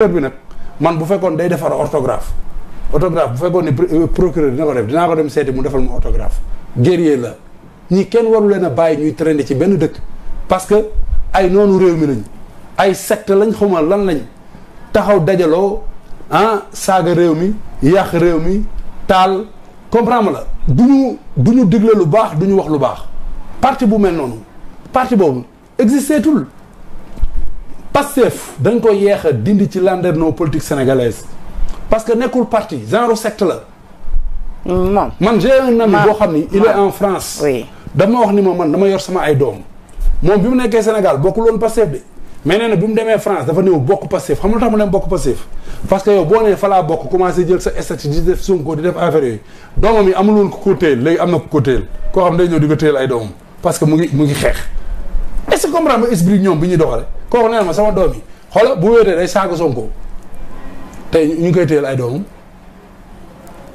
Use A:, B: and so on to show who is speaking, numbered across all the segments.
A: procureur bi nag man bu fekkoon day defar orthographe orthographe bu fekkoon ne euh, procureur dina ko def dinaa ko dem seeti mu defal ma orthographe guerrier la ñi kenn waru leen a bàyyi ñuy traîner ci benn dëkk parce que ay noonu réew mi lañ ay secte lañ xawma lan lañ taxaw dajaloo ah saaga réew mi yàq réew mi taal comprendre la du ñu du digle lu baax duñu wax lu baax parti bu mel noonu parti boobu existeetul Pastef dañ koy yeex a dindi ci landerneau politique sénégalaise parce que nekkul parti genre sect la. non man j'ai un ami boo xam ni il est en France. oui dama wax ni ma man dama yor sama ay doom. moom bi mu nekkee Sénégal bokkul woon Pastef de mais nee na bi mu demee France dafa néew bokk Pastef xam nga lu tax mu dem bokk Pastef parce yow boo nee fa bokk commencé jël sa statut di def Sonko di def affaire yooyu doomam yi am na ku ko koo xam day ñëw di ko téel ay doomam que mu ngi mu ngi xeex. est-ce que comprendre nga ñoom bi ñuy doxale kooku nee ma sama doom yi xoola bu wéetee day saaga Sonko te ñu koy téyel ay doomam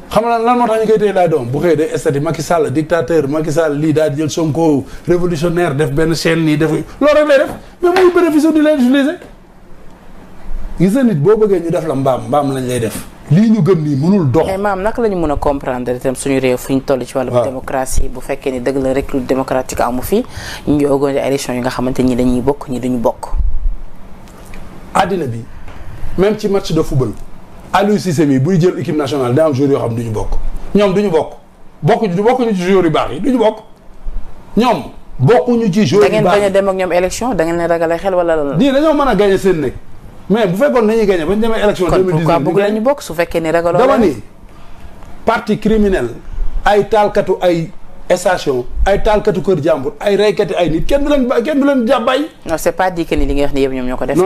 A: xam na na moo tax ñu koy téyel ay doomam bu xëyee day estati Macky Sall dictateur Macky Sall lii daal di jël Sonko révolutionnaire def benn chaîne nii def loolu rek lay def mais muy bénéfice di leen utiliser gis nit boo bëggee ñu def la mbaam mbaam lañ lay def lii ñu gën nii mënul dox. mais maam nak la ñu mën a comprendre itam
B: suñu réew fu ñu toll ci wàllum démocratie bu fekkee ni dëgg la recul démocratique amu fi ñu ngi organiser ay élection yi nga xamante ñi dañuy bokk ñi duñu bokk.
A: àddina bi même ci match de football Aliou Cissé mi buy jël équipe nationale day am joueurs yoo bokk ñoom duñu bokk bokk du bokkuñu ci joueurs yu baax yi duñu bokk ñoom bokkuñu ci joueurs yu baax yi da ngeen a
B: dem ak ñoom élection da leen ragale xel wala lan.
A: nii dañoo mën a gagné seen nekk mais bu fekkoon nañuy gagné ba ñu demee élection. 2019 kon pourquoi bëgg ñu bokk su fekkee ne la dama ni parti criminel ay taalkatu ay station ay taalkatu kër jàmbur ay reykati ay nit kenn du leen ba kenn leen jàbbaay.
B: non c'est pas dit que ni li nga wax ni yëpp ñoom
A: ñoo ko def.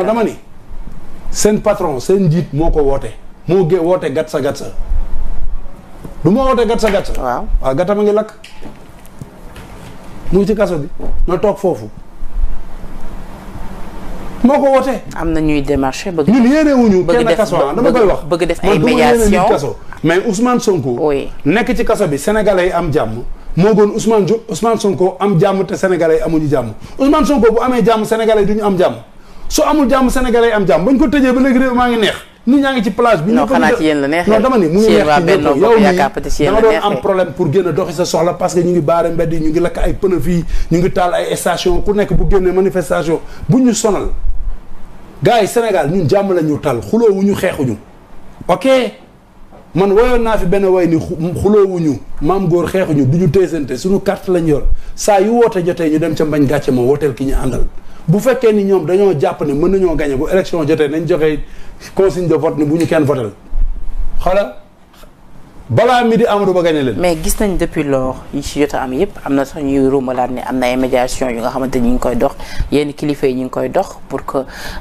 A: seen patron seen njiit moo ko woote. moo gë woote gat sa gat du moo woote gat sa gat sa. waaw ah, gatam a ngi lakk mu ngi kaso bi na toog foofu. moo ko wootee. am na ñuy démarché bëgg. ñun yéenewuñu
B: kenn kaso dama koy wax bëgg def ay médiation kaso
A: mais Ousmane Sonko. nekk ci kaso bi sénégalais yi am jàmm. moo gën Ousmane jo Ousmane Sonko am jàmm te sénégalais yi amuñu jàmm Ousmane Sonko bu amee jàmm sénégalais yi duñu am jàmm su amul jàmm sénégalais yi am jàmm bañ ko tëjee ba léegi réew maa ngi neex. nit ñaa ngi ci plage bi ñu xanaa ci yéen la neexee non dama ni mu ngi neex ci ñëpp yow mii da nga doon am problème pour génn doxi sa soxla parce que ñu ngi baare mbedd yi ñu ngi lakk ay pneu ñu ngi taal ay station ku nekk bu génnee manifestation bu ñu sonal gars yi Sénégal ñun jàmm la ñu tal xuloo wu ñu xeexuñu ok man woyoon naa fi benn way ni xuloowuñu maam góor xeexuñu du ñu téesante suñu carte lañ yor saa yu woote jotee ñu dem ca mbañ gàcce ma wooteel ki ñu àndal bu fekkee ni ñoom dañoo jàpp ne mën nañoo gagné bu élection jotee nañ joxe consigne de vote ni bu ñu kenn votel xala balaa mi di Amadou Ba gañe leen.
B: mais gis nañ depuis lors yi ci jot am yëpp am na sax ñuy rumbalaat ne am na ay médiation yu nga xamante ni ñu ngi koy dox yenn kilifa yi ñu ngi koy dox pour que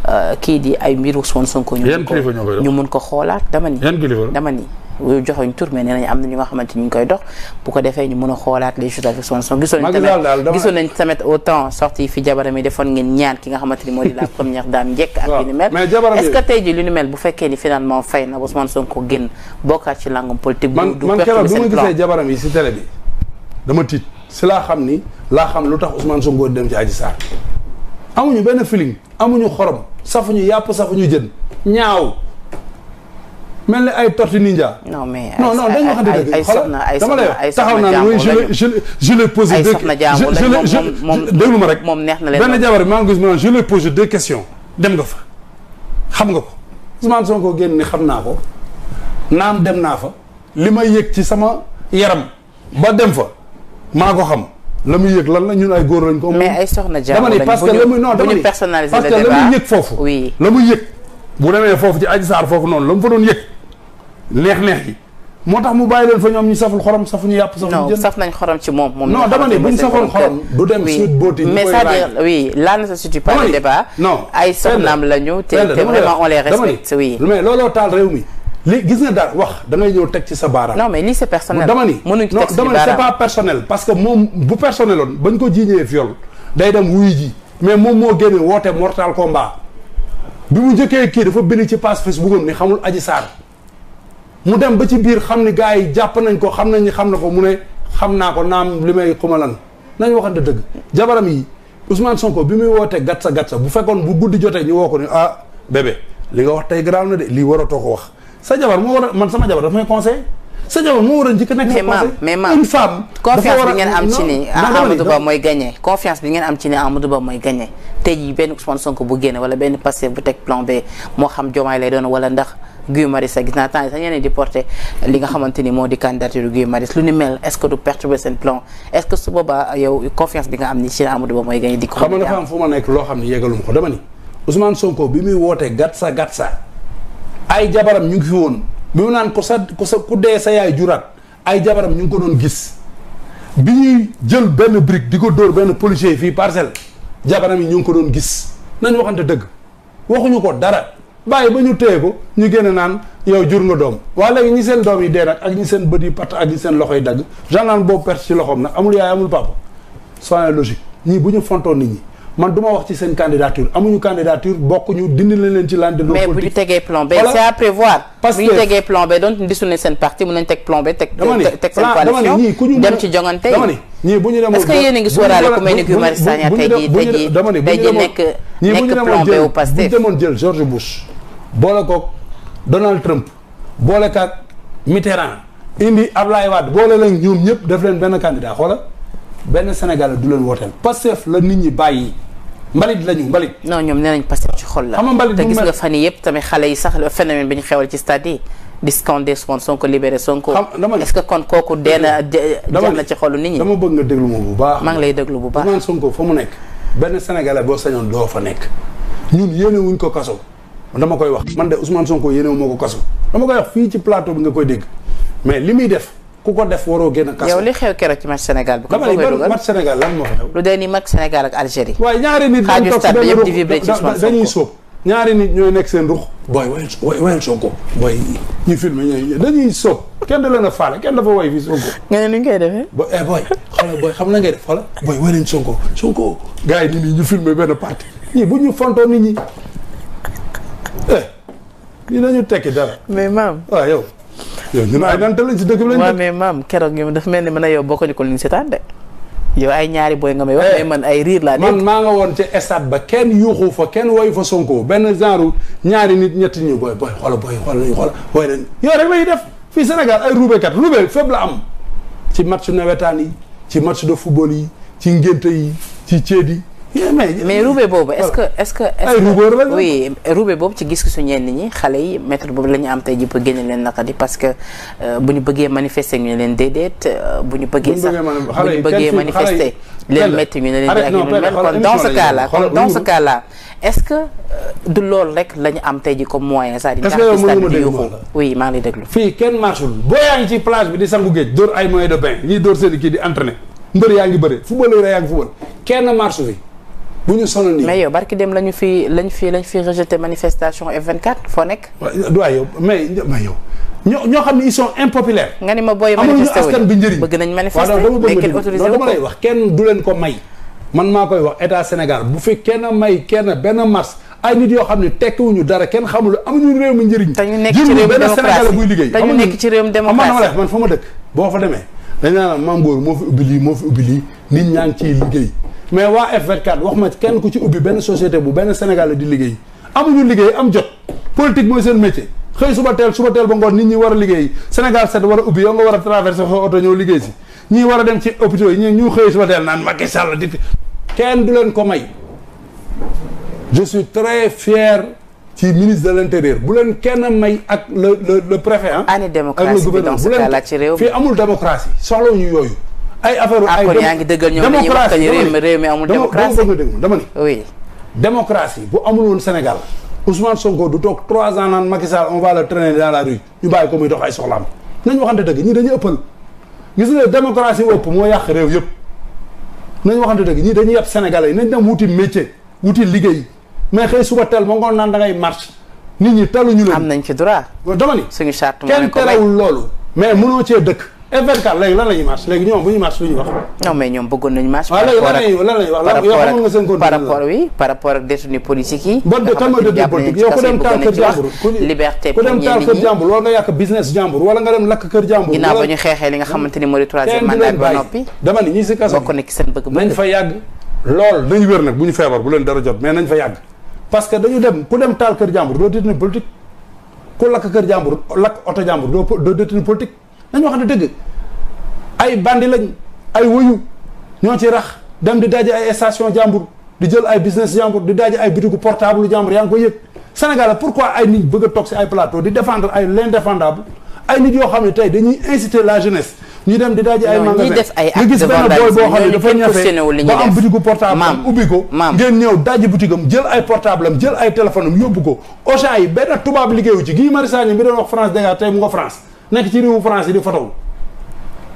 B: euh, kii di ay mbiru Ousmane Sonko. ñu mun ko ñu mun ko xoolaat dama ni. dama ni. joxoñ tur mais nee nañ am na ñu nga xamante ñu ngi koy dox bu ko defee ñu mën a xoolaat les choses avec son son gisoon nañ gisoon nañ tamit au temps fi jabaram yi defoon ngeen ñaan ki nga xamante ni moo di la première dame njëkk ak li ni ji li bu fekkee ni finalement fay na Ousmane Sonko génn bokkaat ci langum politique man keroog bi ma gisee
A: jabaram yi si télé bi dama tiit si laa xam ni laa xam lu tax Ousmane Sonko dem ci Adji Sarr mel ni ay tortu ninja.
B: non mais non non dañu waxante ay soxna ay soxna ay soxna jàmbur
A: lañu taxaw moom moom rek. moom neex
B: na leen benn jabar
A: maa ngi gis ma je le dem nga fa. xam nga ko Ousmane Sonko génn ni xam naa ko naam dem naa fa li ma yëg ci sama yaram ba dem fa maa ko xam. la muy yëg lan la ñun ay góor lañ ko. mais ay soxna jàmbur lañu parce que la muy non dama ni parce que la muy yëg foofu. la muy yëg bu demee foofu ci Adji Sarr foofu noonu la mu fa doon yëg neex-neex yi moo tax mu bàyyi leen fa ñoom ñu saful xorom safuñu yàpp safuñu jën non saf nañ xorom ci moom moom non dama ne buñ safoon xorom du dem suite beauté mais ça dire
B: oui là ne se situe pas le débat non ay soxnaam lañu te vraiment on les respecte
A: oui mais looloo taal réew mi li gis nga daal wax da ñëw teg ci sa baaraam. non mais lii c'est personnel. dama ni mënuñ ci teg ci baaraam dama ni c'est pas personnel. parce que moom bu personnel woon bañ ko jiiñee viol day dem wuyu ji mais moom moo génne woote mortal combat bi mu njëkkee kii dafa bind ci page Facebook am ni xamul Adji Sarr. mu dem ba ci biir xam ni gars yi jàpp nañ ko xam nañ ni xam na ko mu ne xam naa ko naam li may xumalan nañ waxante dëgg jabaram yi Ousmane Sonko bi muy wootee gatsa gatsa bu fekkoon bu guddi jotee ñu woo ko ni ah bébé li nga wax tey garaaw na de lii waratoo ko wax sa jabar moo war a man sama jabar daf may conseil sa jabar moo war a njëkk nekk sa conseil mais maam une femme confiance bi ngeen am ci ni ah, Amadou Ba bi
B: ngeen am ci ni Amadou Ba mooy gagné tey jii benn Ousmane Sonko bu génn wala benn Pastef bu teg plan B moo xam Diomaye lay doon wala ndax Guy Marius gis naa temps yi sax ñeneen di porter li nga xamante ni moo di candidature Guy Marius lu ni mel est du perturber seen plan est-ce que su confiance bi nga am ni ci Amadou Ba mooy gagné di ko xam ñu ngi fi
A: woon bi mu ko sa ko sa ku dee sa yaay juraat ay ñu ngi ko doon gis bi ñuy jël benn brique di ko dóor benn policier fii parcelle jabaram yi ñu ngi ko doon gis nañ waxante dëgg waxuñu ko dara bàyyi ba ñu téye ko ñu génn naan yow jur nga doom waa léegi ñi seen doom yi dee nag ak ñi seen bët yi patt ak ñi seen loxo yi dagg gendarme boobu perte ci loxoom nag amul yaay amul papa soin logique ñii bu ñu tegee plan B c'est à prévoir bu ñu tegee
B: plan B donc dissoudre seen parti mun nañ teg plan B teg seen coalition ñii ku ñu dem ci jongante dama
A: ñii bu ñu demoon est-ce que yéen a ngi sóoraale ku mel ni Guy Marius Sagna tey jii tey bu ñu demoon jël George boole koog Donald Trump boole kaag Mitterrand indi Ablaye Wade boole leen ñoom ñëpp def leen benn candidat xoola benn Sénégal du leen wooteel Pastef la nit ñi bàyyi mbalit lañu mbalit. non ñoom nee nañ Pastef ci xol la. xam mbalit te gis nga
B: fan yii yëpp tamit xale yi sax phénomène bi ñu xewal ci stade yi. di scandé Ousmane Sonko libéré Sonko. est-ce que kon kooku dee na
A: jaar na ci xolu nit ñi. dama bëgg nga déglu moom bu baax. maa ngi lay déglu bu baax Ousmane Sonko fa mu nekk. benn Sénégalais boo sañoon doo fa nekk. ñun yéene ko kaso dama koy wax man de Ousmane Sonko yéene moo ko kaso dama koy wax fii ci plateau bi nga koy dégg mais li muy def ku ko def waroo génn kaso. yow li xew keroog ci match Sénégal bi. dama ne match Sénégal lan moo fa xew.
B: lu dee ni match Sénégal ak Algérie. waaye
A: ñaari nit dañuy toog dañuy dañuy sóob. ñaari nit dañuy sóob kenn da leen a faale kenn dafa woy fii Sonko. nga ne ni ñu koy eh, yi benn partie ñii bu ñu fontoo nit ñi eh lii dañu tekki dara. mais maam waaw ah, yow. yow ñun ay nante lañ si dëkk bi lañ. waaw mais maam keroog yow
B: dafa mel ni man a yow bokkuñu ko luñ seetaan de.
A: yow ay ñaari booy nga may wax. mais eh, man ay riir laa dégg. man maa nga woon ca stade ba kenn yuuxu fa kenn woyu fa Sonko benn genre ñaari nit ñetti ñu booy booy xoolal booy xoolal ñu xoolal booy nañu. yow rek la ñuy def fii Sénégal ay ruubekat ruube fépp la am ci match nawetaan yi ci match de football yi ci ngénte yi ci ceet yi mais roube boobu est-ce que
B: est-ce que est-ce que oui roube boobu ci gis-gisu ñenn ñi xale yi méthode boobu la am tey ji pour génne leen naqadi parce que euh, bu ñu bëggee manifester ñu ne leen déedéet euh, bu ñu bëggee sax bu ñu bëggee manifester leen métti ñu ne leen ak ñu mel kon ce cas là kon dans ce cas là est que euh, du loolu rek la ñu am tey ji comme moyen c'est-à-dire stade di yuuxu
A: oui maa ngi lay déglu fii kenn marchul boo yaa ngi ci plage bi di sangu géej dóor ay moyen de bain ñii dóor seen kenn marche fi bu ñu sonal nii mais
B: yow barki dem lañu fi lañ fi lañ fi rejeté manifestation F24 foo nekk.
A: waaw yow mais mais yow ñoo ñoo xam ne ils sont impopulaires. nga ni ma booy manifester bëgg nañ manifester mais kenn autorisé wax kenn du leen ko may. man maa koy wax état Sénégal bu fi may kenn benn mars ay nit yoo xam ne tekkiwuñu dara kenn xamul amuñu réew mi njëriñ. te ñu nekk ci réewum démocratie Sénégal buy liggéey. te ñu nekk ci réewum démocratie man fa ma dëkk boo fa demee dañ naan maam moo fi ubbi lii moo fi ubbi lii nit ñaa ngi liggéey mais waa F24 wax ma kenn ku ci ubbi benn société bu benn Sénégalais di liggéey amuñu liggéey am jot politique mooy seen métier xëy suba teel suba teel ba ngoon nit ñi war a liggéey Sénégal set war a ubbi yow nga war a traversé xoo oto ñëw liggéey si ñii war a dem ci hôpitaux yi ñii ñu xëy suba teel naan Macky Sall di kenn du leen ko may je suis très fier ci ministre de l'intérieur bu leen kenn may ak le le le préfet ah. année démocratie bi dans ce cas-là ci réew mi ak fii yooyu. ay affaire ay ah, yaa ngi dëggal ñoom dañuy wax que ni réew mi amul démocratie dama ni oui démocratie bu amul woon Sénégal Ousmane Sonko du toog trois ans naan Macky Sall on va le traîner dans la rue ñu bàyyi ko muy dox ay soxlaam dëgg ñii dañuy ëppal gis nga démocratie ëpp moo yàq réew yëpp nañ waxante dëgg ñii dañu yàpp Sénégalais yi nañ dem wuti métier wuti liggéey mais xëy suba tel ma ngoon naan da ngay marche nit ñi ñu leen am nañ ci droit dama ni suñu charte kenn terewul loolu mais mënoo cee dëkk F24 léegi lan la ñuy marche léegi ñoom bu ñu marche lu ñu wax. non mais ñoom bëggoon nañu marche. par rapport ak waaw léegi lan la ñuy wax lan yoo xamul nga seen contenu par
B: rapport oui par rapport ak détenu politique yi. nga xamante ni jàpp nañu ci kaso yi bëggoon nañu ci wax liberté pour ñenn ñi ku dem taal kër jàmbur
A: wala nga yàq business jàmbur wala nga dem lakk kër jàmbur. ginnaaw ba ñu xeexee li nga hmm? xamante ni moo di troisième mandat ba noppi. dama ni ñi si kaso bokk na ci seen bëgg-bëgg. nañ fa yàgg lool dañu wér nag bu ñu feebar bu leen dara jot mais nañ fa yàgg parce que dañu dem ku dem taal kër jàmbur doo détenu politique ku lakk kër jàmbur lakk oto jàmbur doo détenu politique dañoo xam ne dëgg ay bandi lañ ay woyu ñoo ci rax dem di daje ay station jàmbur di jël ay business jàmbur di daje ay bitigu portable jàmbur yaa ngi ko yëg Sénégal pourquoi ay nit bëgg a toog si ay plateau di défendre ay l'indéfendable ay nit yoo xam ne tey dañuy inciter la jeunesse ñu dem di daje ay magasin nga gis benn booy boo xam ne dafa ñafe ba am bitigu portable am ubbi ko ngeen ñëw daje jël ay portable am jël ay téléphone am yóbbu ko Auchan yi benn tubaab liggéeyu ci Guy Marius Sagna doon wax France dégg tey mu nga France nekk ci réewu France yi di fotow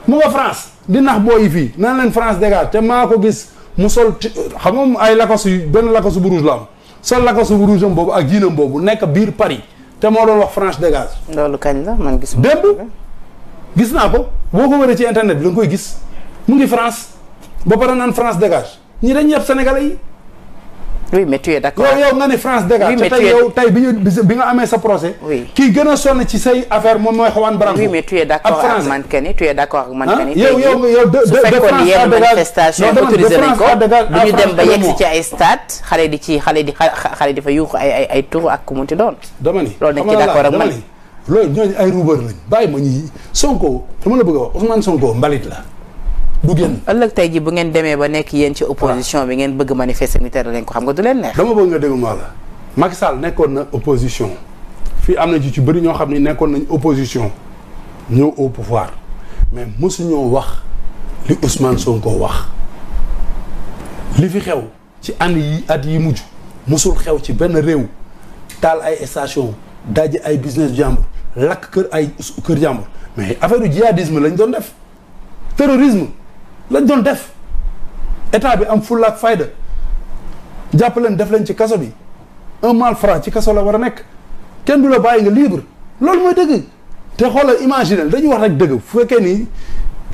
A: mu nga France di nax booy fii naan leen France dégage te maa ko gis mu sol xam nga ay lakas yu benn lakas bu rouge la am sol lakas bu rouge am boobu ak jiinam boobu nekk biir Paris te moo doon wax France dégage. loolu kañ la man gis. démb gis naa ko boo ko wëree ci internet bi da nga koy gis mu ngi France ba pare naan France dégage ñi dañ yeb Sénégalais yi. oui mais tu es d'accord yow bi nga amee sa procès. oui kii gën a sonn ci say affaire moom mooy Juan Branco. oui mais tu es d'accord ak man
B: que ni d'accord ak man que ah, ni. yow yow yow
A: de de ah, dem ba yegg ci
B: ay stade xale di ci xale di xale di fa yuuxu ay ay ay tur ak ku mu ti doon. dama ni loolu nañ ci d'accord ak man
A: loolu ñooñu ay roubeur lañ bàyyi ma ñuy Sonko dama Sonko mbalit la. bu génn.
B: ëllëg tey ji bu ngeen demee ba nekk yéen ci opposition bi ngeen bëgg manifester ñu
A: tere ko xam nga du leen neex. dama bëgg nga déglu ma la Macky nekkoon na opposition fii am na ci ci bëri ñoo xam ni nekkoon nañ opposition ñëw au pouvoir mais wax li Ousmane Sonko wax li fi xew ci ànd yi at yi mujj mosul xew ci benn réew taal ay station daje ay business jàmbur lakk kër ay kër jàmbur mais affaire u lañ doon def terrorisme lañ doon def état bi am fulla ak fayda jàpp leen def leen ci kaso bi un mal franc ci kaso la war a nekk kenn du la bàyyi nga libre loolu mooy dëgg te image imaginer dañuy wax rek dëgg fu fekkee ni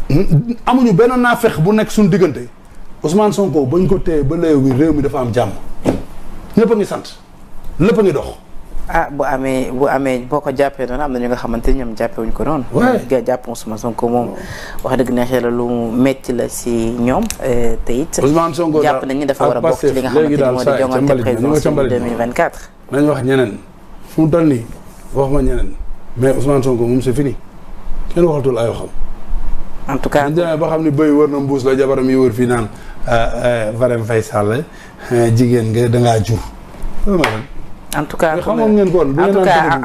A: hmm, amuñu benn fex bu nekk suñu diggante Ousmane Sonko bañ ko téye ba léegi réew mi dafa am jàmm ñëpp ngi sant lépp a ngi dox. ah bu amee bu amee
B: boo ko jàppee noonu am na ñu nga xamante ni ñoom wuñ ko noonu. ga jàpp Ousmane Sonko moom wax dëgg neexee la lu metti la si ñoom euh, te it. Ousmane Sonko jàpp nañ ni dafa war a bokk ci li nga xamante ni moo di jongante présidentielle 2024.
A: nañ wax ñeneen mu toll nii wax ma ñeneen mais Ousmane Sonko moom c'est fini kenn waxatul ay waxam. en tout cas dañ ba xam ne béy wër na mbuus la jabaram yi wër fii naan Marème euh, euh, Faye Sall jigéen nga dangaa jur en tout cas xamoon ngeen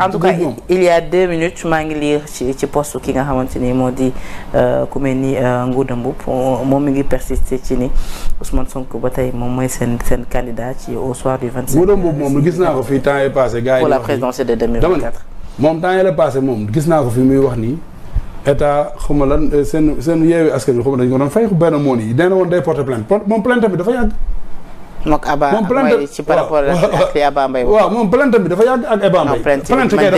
A: en tout cas
B: il y deux minutes maa ngi lire ci ci ki nga xamante ni moo di euh, ku mel ni euh, Ngouda Mboup moom mi ngi persister ci ni Ousmane Sonko ba tey moom mooy seen seen
A: candidat ci au soir du 25. moom gis naa ko fii de 2024. moom temps gis naa ko fi muy wax nii état xuma lan euh, seen seen yeewi askan wi xuma fay benn moon yi dana woon day porter plainte moom plainte bi dafa yàgg. moom plainte moom plainte bi dafa yàgg ak Eba Mbaye. plainte bi